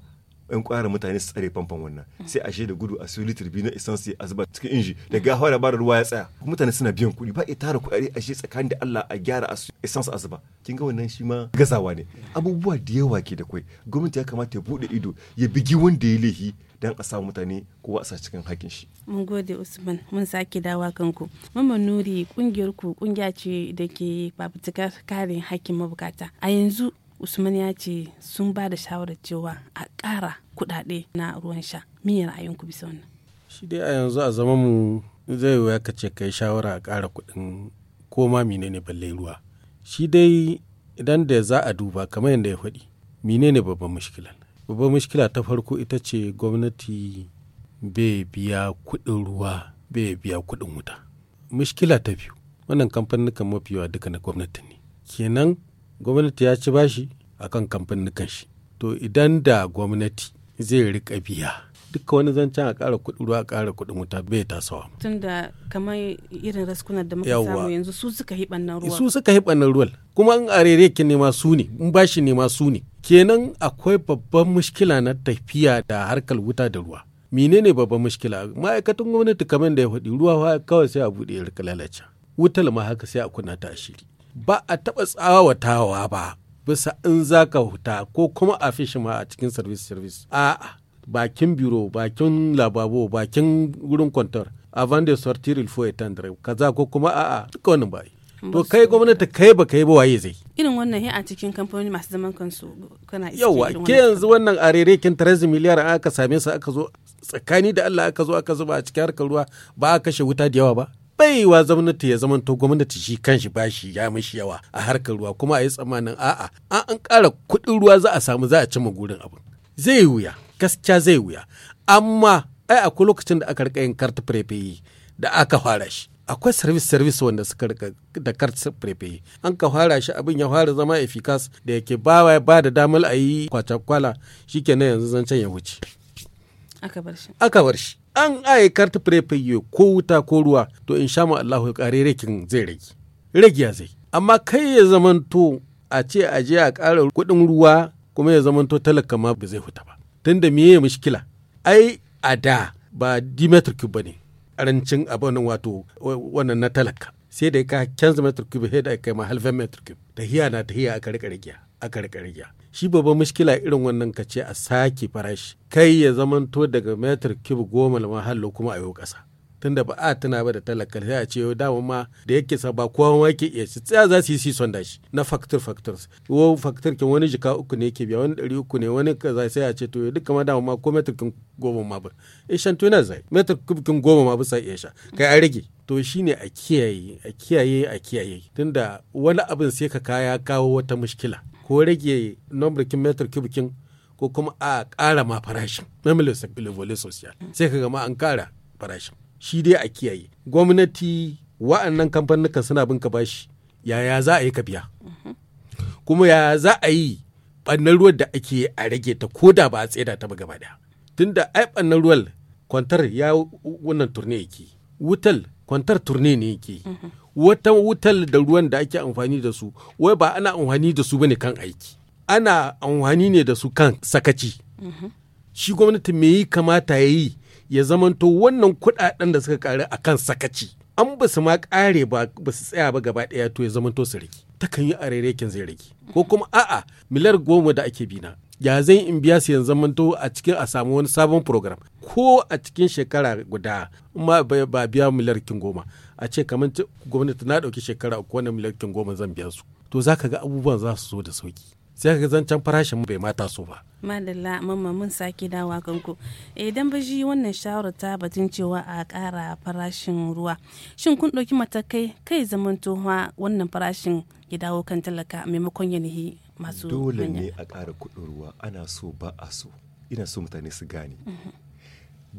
yan kwara mutane su tsare famfan wannan sai a da gudu a su litir biyu na isansi a zuba cikin inji da ga fara bara ruwa ya tsaya mutane suna biyan kuɗi ba a tara kuɗi a shi tsakanin da Allah a gyara a su. isan a zuba kin ga wannan shi ma gazawa ne abubuwa da yawa ke da kwai gwamnati ya kamata ya buɗe ido ya bigi wanda ya laifi dan a samu mutane ko a sa cikin hakin shi. Mun gode Usman mun sake dawa kanku. Mama Nuri kungiyar ku kungiya ce da ke fafutukar kare hakkin mabukata. A yanzu usman ya ce sun ba da shawarar cewa a ƙara kuɗaɗe na ruwan sha me ra'ayinku bisa wannan shi dai a yanzu a zama mu zai wuya ka ce kai shawara a ƙara kuɗin ko ma menene balle ruwa shi dai idan da za a duba kamar yadda ya faɗi menene babban mushkilar babban mushkila ta farko ita ce gwamnati bai biya kuɗin ruwa bai biya kuɗin wuta mushkila ta biyu wannan kamfanin kan mafiya duka na gwamnati ne kenan gwamnati ya ci bashi a kan kamfanin shi to idan da gwamnati zai rika biya duka wani zancen a ƙara kuɗi ruwa a ƙara kuɗin wuta bai tasawa. Tun da kamar irin raskunan da muka samu yanzu su suka yi ɓannan ruwa. Su suka yi ɓannan ruwa kuma an arere ki nema su ne in bashi nema su ne. Kenan akwai babban mushkila na tafiya da harkar wuta da ruwa. Menene babban mushkila ma'aikatan gwamnati kamar da ya faɗi ruwa kawai sai a buɗe ya lalace. Wutar ma haka sai a kunna ta ashiri. ba a taɓa tsawatawa ba bisa in za ka huta ko kuma a fi ma a cikin service service a bakin biro bakin lababo bakin wurin kwantar avant de sortir il faut étendre kaza ko kuma a'a duka wannan bai to kai gwamnati kai ba kai ba waye zai irin wannan a cikin kamfanoni masu zaman kansu kana yawa ke yanzu wannan arere kin 13 miliyar aka same su aka zo tsakani da Allah aka zo aka zuba a cikin harkar ruwa ba a kashe wuta da yawa ba baiwa gwamnati ya zama to gwamnati shi kanshi bashi ya mishi yawa a harkar ruwa kuma a yi tsammanin a'a an an ƙara kuɗin ruwa za a samu za a cimma gurin abin zai wuya gaskiya zai wuya amma ai akwai lokacin da aka rika yin karta prepayi da aka fara shi akwai service service wanda suka rika da karta prepayi an ka fara shi abin ya fara zama efficace da yake bawa ba da damar a yi kwata kwala shikenan yanzu zancen ya wuce aka bar shi an aikar ta fure ko wuta ko ruwa to in sha Allahu kare rakin zai rage rage ya zai amma kai ya zamanto a ce a je a ƙara kuɗin ruwa kuma ya zamanto talaka ma ba zai huta ba tunda me ya mushkila ai a da ba dimeter cube ba ne ƙarancin abin wato wannan na talaka sai da ka canza meter cube sai da kai ma halfen cube tahiya na tahiya aka rika rigiya aka rika rigiya shi babban mushkila irin wannan ka ce a sake farashi kai ya zamanto daga metar kibu goma mahallo kuma a yau ƙasa tunda ba a tana ba da talakar sai a ce yau dama ma da yake sa ba kowa ma ke iya shi tsaya za su yi si son dashi na factor factors wo factor kin wani jika uku ne yake biya wani ɗari uku ne wani kaza sai a ce to duka ma dama ma ko metar kin goma ma ba e shan tuna zai metar kin goma ma ba sai iya sha kai a rage to shine a kiyaye a kiyaye a kiyaye tunda wani abin sai ka kaya kawo wata mushkila ko rage kin metar kubikin ko kuma a ƙara ma farashin memele vole social sai ka gama an ƙara farashin shi dai a kiyaye gwamnati wa'annan kamfanukan suna bin ka bashi yaya za a yi ka biya kuma yaya za a yi ɓannan ruwan da ake a rage ta ko da ba a tsaida ta ba gaba daya tunda ai ɓannan ruwan kwantar ya wannan turne yake wutal kwantar turne ne yake mhm. wata wutar da ruwan da ake amfani da su wai ba ana amfani da su bane kan aiki ana amfani ne da su kan sakaci mhm. shi gwamnati me yi kamata ya yi ya zamanto wannan kuɗaɗen da suka ƙare a kan sakaci an ba su ma kare ba su tsaya ba gaba daya to ya zamanto su rage kan yi a zai rage ko mhm. kuma a'a milar goma da ake bina ya zai in biya su yanzu manto a cikin a samu wani sabon program ko a cikin shekara guda ma ba biya miliyar kin goma a ce kamar gwamnati na dauki shekara uku wannan miliyar kin goma zan biya su to za ga abubuwan za su zo da sauki sai ka ga zancen farashin bai mata so ba. Madalla mamma mun sake dawa kanku. Idan eh, ba shi wannan shawarar ta batun cewa a kara farashin ruwa. Shin kun ɗauki matakai kai zamantowa wannan farashin ya dawo kan talaka maimakon ya nihi masu dole ne a ƙara kuɗin ruwa ana so ba a so ina so mutane su gane mm-hmm.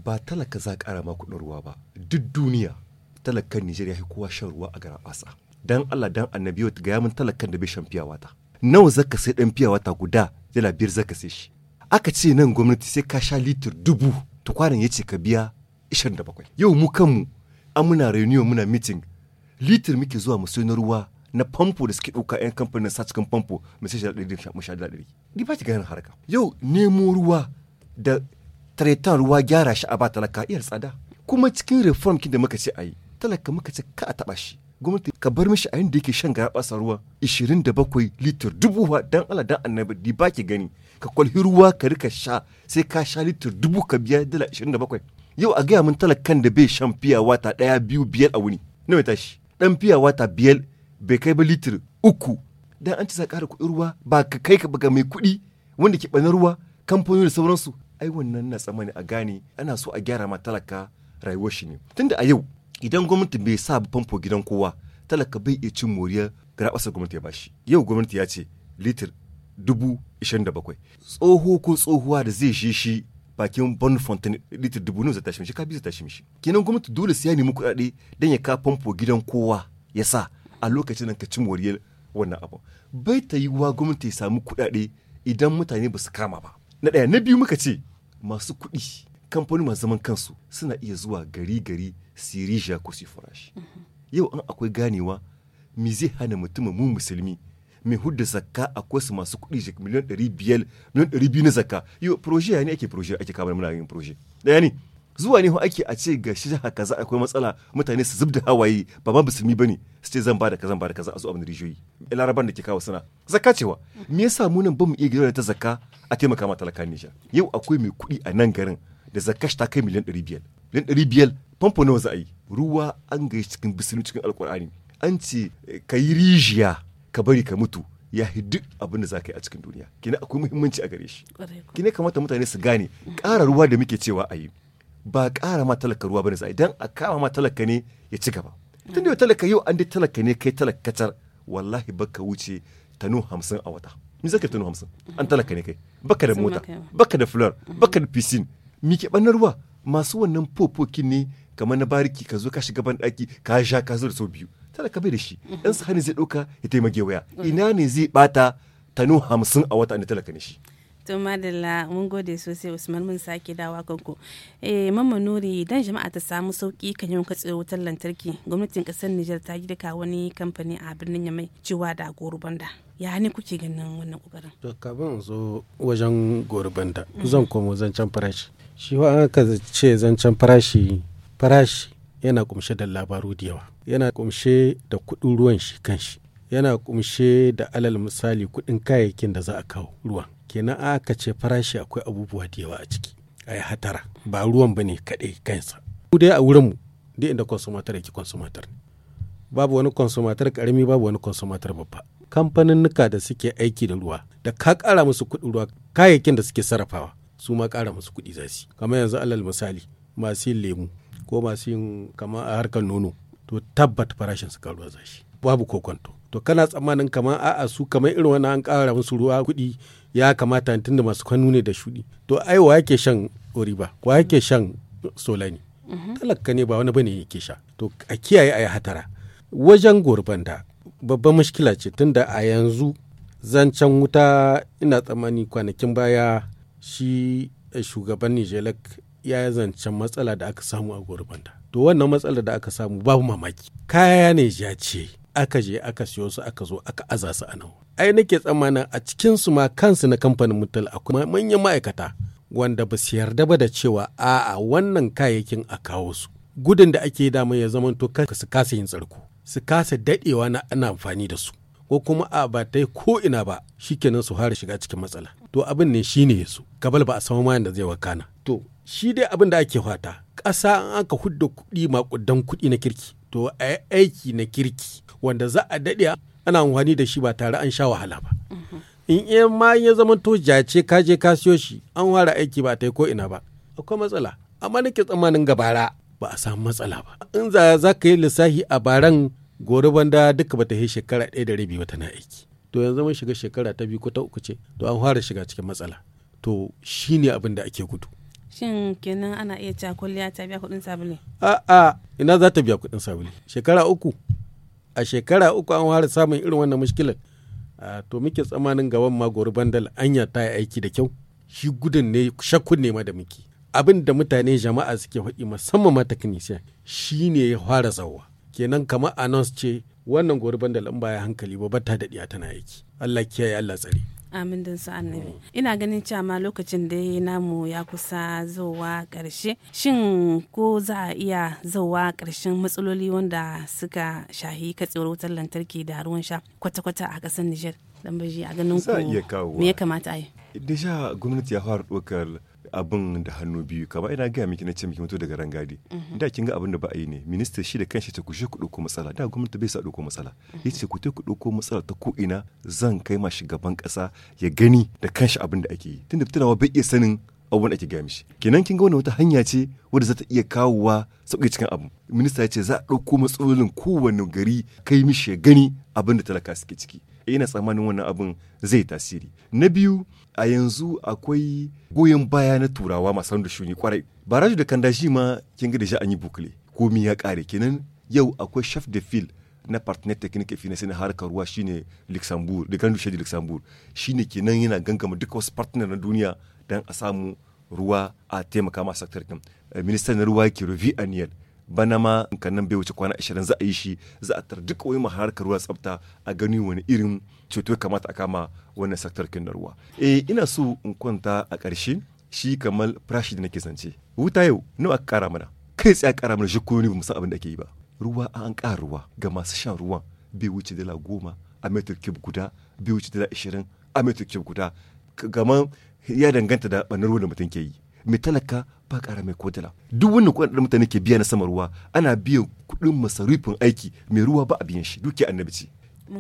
ba talaka za a ƙara ma kuɗin ruwa ba duk duniya talakan Nijar ya kowa shan ruwa a garabasa dan Allah dan annabi yau ga yamin talakan da bai shan fiya wata nawa zaka sai dan fiya wata guda yana biyar zaka sai shi aka ce nan gwamnati sai ka sha litir dubu kwanan ya ce ka biya da bakwai. yau mu kanmu an muna reunion muna meeting litir muke zuwa mu sayo na ruwa na famfo da suke ɗauka 'yan kamfanin sacikan famfo mai sai shaɗa ɗari ɗari ni ba ki ganin haraka yau nemo ruwa da taraitan ruwa gyara shi a ba talaka iya tsada kuma cikin reform kin da muka ce a yi talaka muka ce ka a taɓa shi gwamnati ka bar mishi a yanda yake shan garaɓasa ruwa 27 litir dubu wa dan Allah dan annabi di ba ki gani ka kwalhi ruwa ka rika sha sai ka sha litir dubu ka biya dala 27 yau a gaya min talakan da bai shan fiya wata ɗaya biyu biyar a wuni nawa tashi ɗan fiya wata biyar bai kai ba litir uku dan an ci za ƙara kuɗi ruwa ba ka kai ka ga mai kuɗi wanda ke ɓanar ruwa kamfanoni da sauransu ai wannan na tsammani a gane ana so a gyara ma talaka rayuwar shi ne tunda a yau idan gwamnati bai sa famfo gidan kowa talaka bai iya cin moriyar garabasar gwamnati ya bashi yau gwamnati ya ce litir dubu ishirin da bakwai tsoho ko tsohuwa da zai shi shi bakin bon fontaine litir dubu nawa zai tashi mishi ka bi zai tashi mishi kenan gwamnati dole sai ya nemi kuɗaɗe don ya ka famfo gidan kowa ya sa a lokacin na ka ci moriyar wannan abu bai ta yiwuwa gwamnati ya samu kuɗaɗe idan mutane ba su kama ba na ɗaya na biyu muka ce masu kuɗi kamfani masu zaman kansu suna iya zuwa gari gari su rija ko su farashi mm-hmm. yau an akwai ganewa me zai hana mutumin mu musulmi mai hudda zakka akwai su masu kuɗi miliyan ɗari biyar miliyan ɗari biyu na zakka yau proje ya ne ake proje ake muna yin proje ɗaya ne zuwa ne ake a ce ga shi haka akwai matsala mutane su zub da hawaye ba ma musulmi bane su ce zan ba da kaza bada kaza a zuwa abin rijiyoyi eh, laraban da ke kawo suna zakka cewa me yasa mu nan bamu iya gidan ta zakka a taimaka ma talaka nisha? yau akwai mai kuɗi a nan garin da zakka ta kai miliyan biyar miliyan biyar famfo nawa za a yi ruwa an gaishe cikin bisulmi cikin alkur'ani an ce eh, ka yi rijiya ka bari ka mutu ya yi duk abin da za ka yi a cikin duniya kina akwai muhimmanci a gare shi kina kamata mutane su gane ƙara ruwa da muke cewa a yi ba ƙara ma talaka ruwa bane za idan a kama ma talaka ne ya ci gaba tun da talaka yau an dai talaka ne kai talakacar wallahi baka wuce tanu hamsin a wata mi zaka tanu hamsin an talaka ne kai baka da mota baka da fular mm-hmm. baka da piscine mi ke ɓannar ruwa masu wannan popokin ne kamar na bariki ka zo ka shiga ban ɗaki ka sha ka zo da sau biyu talaka bai da shi mm-hmm. ɗan sahani zai ɗauka ya taimake waya ina ne zai ɓata tanu hamsin a wata ne talaka ne shi to madalla mun gode sosai usman mun sake dawa kanku eh mamma nuri dan jama'a ta samu sauki kan yawan katsewar wutar lantarki gwamnatin kasar Nijar ta ka wani kamfani a birnin Yamai cewa da Gorubanda ya ne kuke ganin wannan kokarin to ban zo wajen Gorubanda mm. zan komo zan can farashi shi wa aka ce zan can farashi farashi yana kumshe da labaru da yawa yana kumshe da kuɗin ruwan shi kanshi yana kumshe da alal misali kuɗin kayayyakin da za a kawo ruwan kenan aka ce farashi akwai abubuwa da yawa a ciki a yi hatara ba ruwan ba ne kaɗai kansa ku dai a wurinmu duk inda consumator yake consumator ne babu wani consumator karami babu wani consumator babba kamfaninnika da suke aiki da ruwa da ka ƙara musu kuɗin ruwa kayayyakin da suke sarrafawa su ma ƙara musu kuɗi za su kamar yanzu alal misali masu yin lemu ko masu yin kamar a harkar nono to tabbat farashin su karuwa za shi babu kokonto to kana tsammanin kamar a'a su kamar irin wani an ƙara musu ruwa kuɗi ya kamata tun da masu kwanu ne da shuɗi to ai wa yake shan oriba wa yake shan solani mhm. talaka ne ba wani bane yake sha to a kiyaye a hatara wajen da babban mashkila ce tun da a yanzu zancen wuta ina tsammani kwanakin baya shi eh, shugaban nijelak ya yi zancen matsala da aka samu a da to wannan matsala da aka samu babu mamaki kaya ne ja ce aka je aka siyo su aka zo aka aza su a nan ai nake tsammanin a cikin su ma kansu na kamfanin mutal akwai manyan ma'aikata wanda ba su yarda ba da cewa a'a wannan kayayyakin a kawo su gudun da ake dama ya zama to su kasa yin tsarko su kasa dadewa na ana amfani da su ko kuma a ba ta ko ina ba shikenan su fara shiga cikin matsala to abin ne shine yasu kabal ba a samu mayan da zai wakana to shi dai abin da ake fata ƙasa an aka hudda kuɗi maƙudan kuɗi na kirki to a aiki na kirki wanda za a daɗe ana amfani da shi ba tare an sha wahala ba in iya ma ya zama to jace ka je ka siyo shi an fara aiki ba ta yi ko ina ba akwai matsala amma nake tsammanin gabara ba a samu matsala ba in za za ka yi lissafi a baran gori banda duka ba ta yi shekara ɗaya da rabi ba na aiki to yanzu mun shiga shekara ta biyu ko ta uku ce to an fara shiga cikin matsala to shine abin da ake gudu shin kenan ana iya cakulliya ta biya kuɗin sabulu a'a ina za ta biya kuɗin sabulu shekara uku a shekara uku an fara samun irin wannan mushkilar to muke tsamanin gaban ma gori bandal anya ta yi aiki da kyau shi gudun ne shakkun ne ma da muke abin da mutane jama'a suke faɗi musamman ma technician shi ne ya fara zawa kenan kamar announce ce wannan gori bandal in baya hankali ba ba ta daɗiya tana aiki Allah kiyaye Allah tsare amin din su annabi ina ganin cewa ma lokacin da namu ya kusa zowa ƙarshe shin ko za a iya zowa ƙarshen matsaloli wanda suka shahi katsewar wutar lantarki da ruwan sha kwata-kwata a ƙasar Nijar dan baji a ganin ku me ya kamata a yi deja gwamnati ya fara ɗaukar abin da hannu biyu kama ina gaya miki na ce miki mutu daga rangadi mhm. da kin ga abin da ba a yi ne minista shi da kanshi ta kushe ku ɗauko matsala da gwamnati bai sa ɗauko matsala mhm. ya ce ku te ku ɗauko matsala ta ko ina zan kai ma shugaban kasa ya gani da kanshi abin da ake yi tunda tunawa bai iya sanin abubuwan ake gaya mishi kenan kin ga wani wata hanya ce wadda za ta iya kawowa sauƙi cikin abu minista ya ce za a ɗauko matsalolin kowane gari kai mishi ya gani abin da talaka suke ciki Eh, ina tsammanin wannan abin zai tasiri na biyu a yanzu akwai goyon baya na turawa masu da shuni kwarai baraju da kandashi ma kin da shi an yi bukle komi ya kare kenan yau akwai chef de fil na partner technique finance na harkar ruwa shine luxembourg da kan dushe luxembourg shine kenan yana gangama duka wasu partner na duniya dan a samu ruwa a taimaka ma sector din eh, ministan ruwa ke revie annual bana ma nan bai wuce kwana 20 za a yi shi za a tar duk wani harkar ruwa tsafta a gani wani irin ceto kamata a kama wannan saktar kin ruwa eh ina so in kwanta a ƙarshe shi kamar farashi da nake zance wuta yau nawa aka kara mana kai tsaye kara mana shi koyo ni ba abin da ake yi ba ruwa an ƙara ruwa ga masu shan ruwan bai wuce dala goma a metar cube guda bai wuce dala ashirin a metar cube guda kamar ya danganta da ɓannar ruwan da mutum ke yi mai talaka ba ƙara mai kodala duk wannan kuɗin da mutane ke biya na sama ruwa ana biyan kuɗin masarufin aiki mai ruwa ba a biyan shi duke annabi ce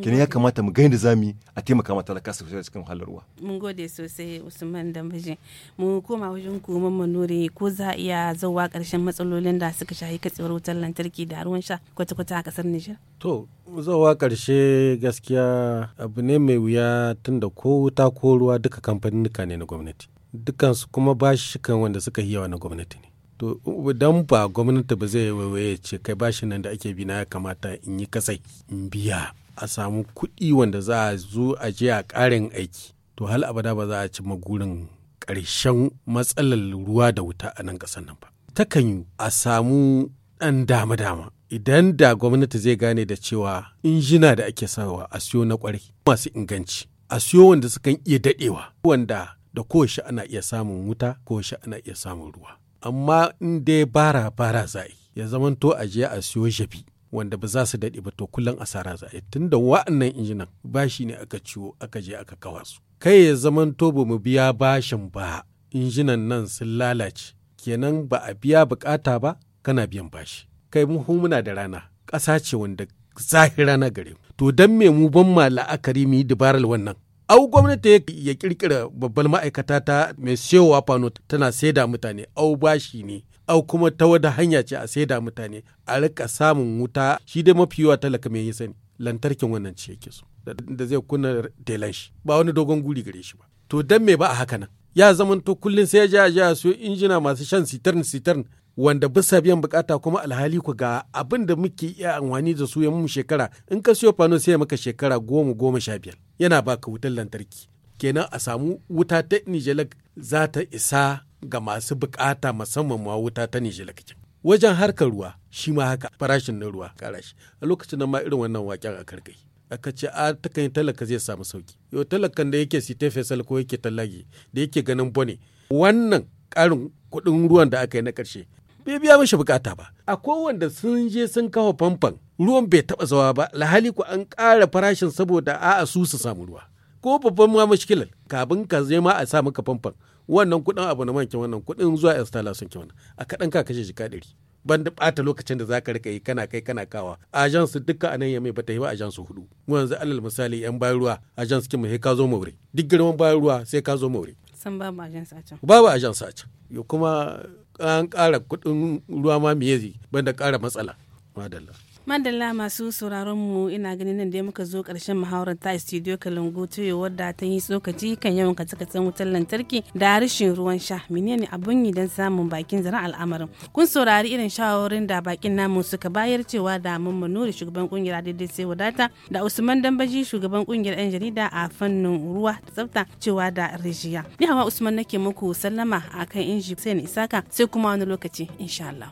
kenan ya kamata mu gani da zamu a taimaka ma talaka su shiga cikin wahalar ruwa mun gode sosai usman dambajin mu koma wajen kuma manure ko za a iya zauwa karshen matsalolin da suka shahi katsewar wutar lantarki da ruwan sha kwata-kwata a kasar nijar to zauwa karshe gaskiya abu ne mai wuya tunda ko wuta ko ruwa duka kamfanin ne na gwamnati dukansu kuma ba shi kan wanda suka yi yawa na gwamnati ne to dan ba gwamnati ba zai waiwaye ce kai ba shi nan da ake bi na ya kamata in yi kasai in biya a samu kuɗi wanda za a zo a je a ƙarin aiki to hal abada ba za a ci magurin ƙarshen matsalar ruwa da wuta a nan ƙasar nan ba takan yi a samu ɗan dama-dama idan da gwamnati zai gane da cewa injina da ake sawa a siyo na ƙwarai masu inganci a siyo wanda sukan iya daɗewa wanda da kowace ana iya samun wuta kowace ana iya samun ruwa amma in dai bara bara za yi ya zamanto a je a siyo jabi wanda ba za su daɗe ba to kullum asara za a tun da wa'annan injinan bashi ne aka ciwo aka je aka kawar su kai ya zamanto ba mu biya bashin ba injinan nan sun lalace kenan ba a biya bukata ba kana biyan bashi kai mu muna da rana ƙasa ce wanda zahira na gare mu to dan me mu ban ma la'akari mu yi dabarar wannan au gwamnati ya kirkira babbar ma'aikata ta mai siyowa fano tana saida mutane au bashi ne au kuma ta wada hanya ce a saida mutane a rika samun wuta shi dai mafi yawa talaka mai yi sani lantarkin wannan ce yake so da zai kunna telan shi ba wani dogon guri gare shi ba to dan me ba a haka nan ya zamanto kullum sai ya ja su injina masu shan sitirin sitirin wanda bisa biyan bukata kuma alhali ku ga abin da muke iya amfani da su ya mu shekara in ka siyo fano sai maka shekara goma goma sha biyar yana baka wutar lantarki kenan a samu wuta ta nijalak za ta isa ga masu bukata musamman ma wuta ta nijalak wajen harkar ruwa shi ma haka farashin na ruwa karashi a lokacin nan ma irin wannan waken a kargai aka ce a takan talaka zai samu sauki yau talakan da yake site fesal ko yake tallage da yake ganin bone wannan karin kuɗin ruwan da aka yi na ƙarshe bai biya mishi bukata ba a kowanda sun je sun kawo famfan ruwan bai taɓa zawa ba lahali ku an ƙara farashin saboda a'a su su samu ruwa ko babban ma mashkilar kafin ka zai ma a sa maka famfan wannan kuɗin abu na manke wannan kuɗin zuwa instala sun ke wannan a kaɗan ka kashe jika ɗari ban da ɓata lokacin da za zaka rika yi kana kai kana kawa ajansu duka a nan ya mai bata yi ba ajansu hudu mu alal misali yan bayan ruwa ajansu kin mu sai ka zo maure duk girman bayan ruwa sai ka zo maure san babu agents a can babu agents a can kuma an ƙara kuɗin ruwa ma yi banda ƙara matsala madalla madalla masu sauraron mu ina ganin nan dai muka zo karshen muhawarar ta studio kalangu tuyo wadda ta yi tsokaci kan yawan katsakatsan wutar lantarki da rashin ruwan sha menene abun yi don samun bakin zaren al'amarin kun saurari irin shawarorin da bakin namu suka bayar cewa da mamma nuri shugaban kungiyar daidai sai wadata da usman dambaji shugaban kungiyar yan jarida a fannin ruwa da tsafta cewa da rijiya ni hawa usman nake muku sallama akan inji sai isaka sai kuma wani lokaci insha Allah.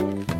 thank you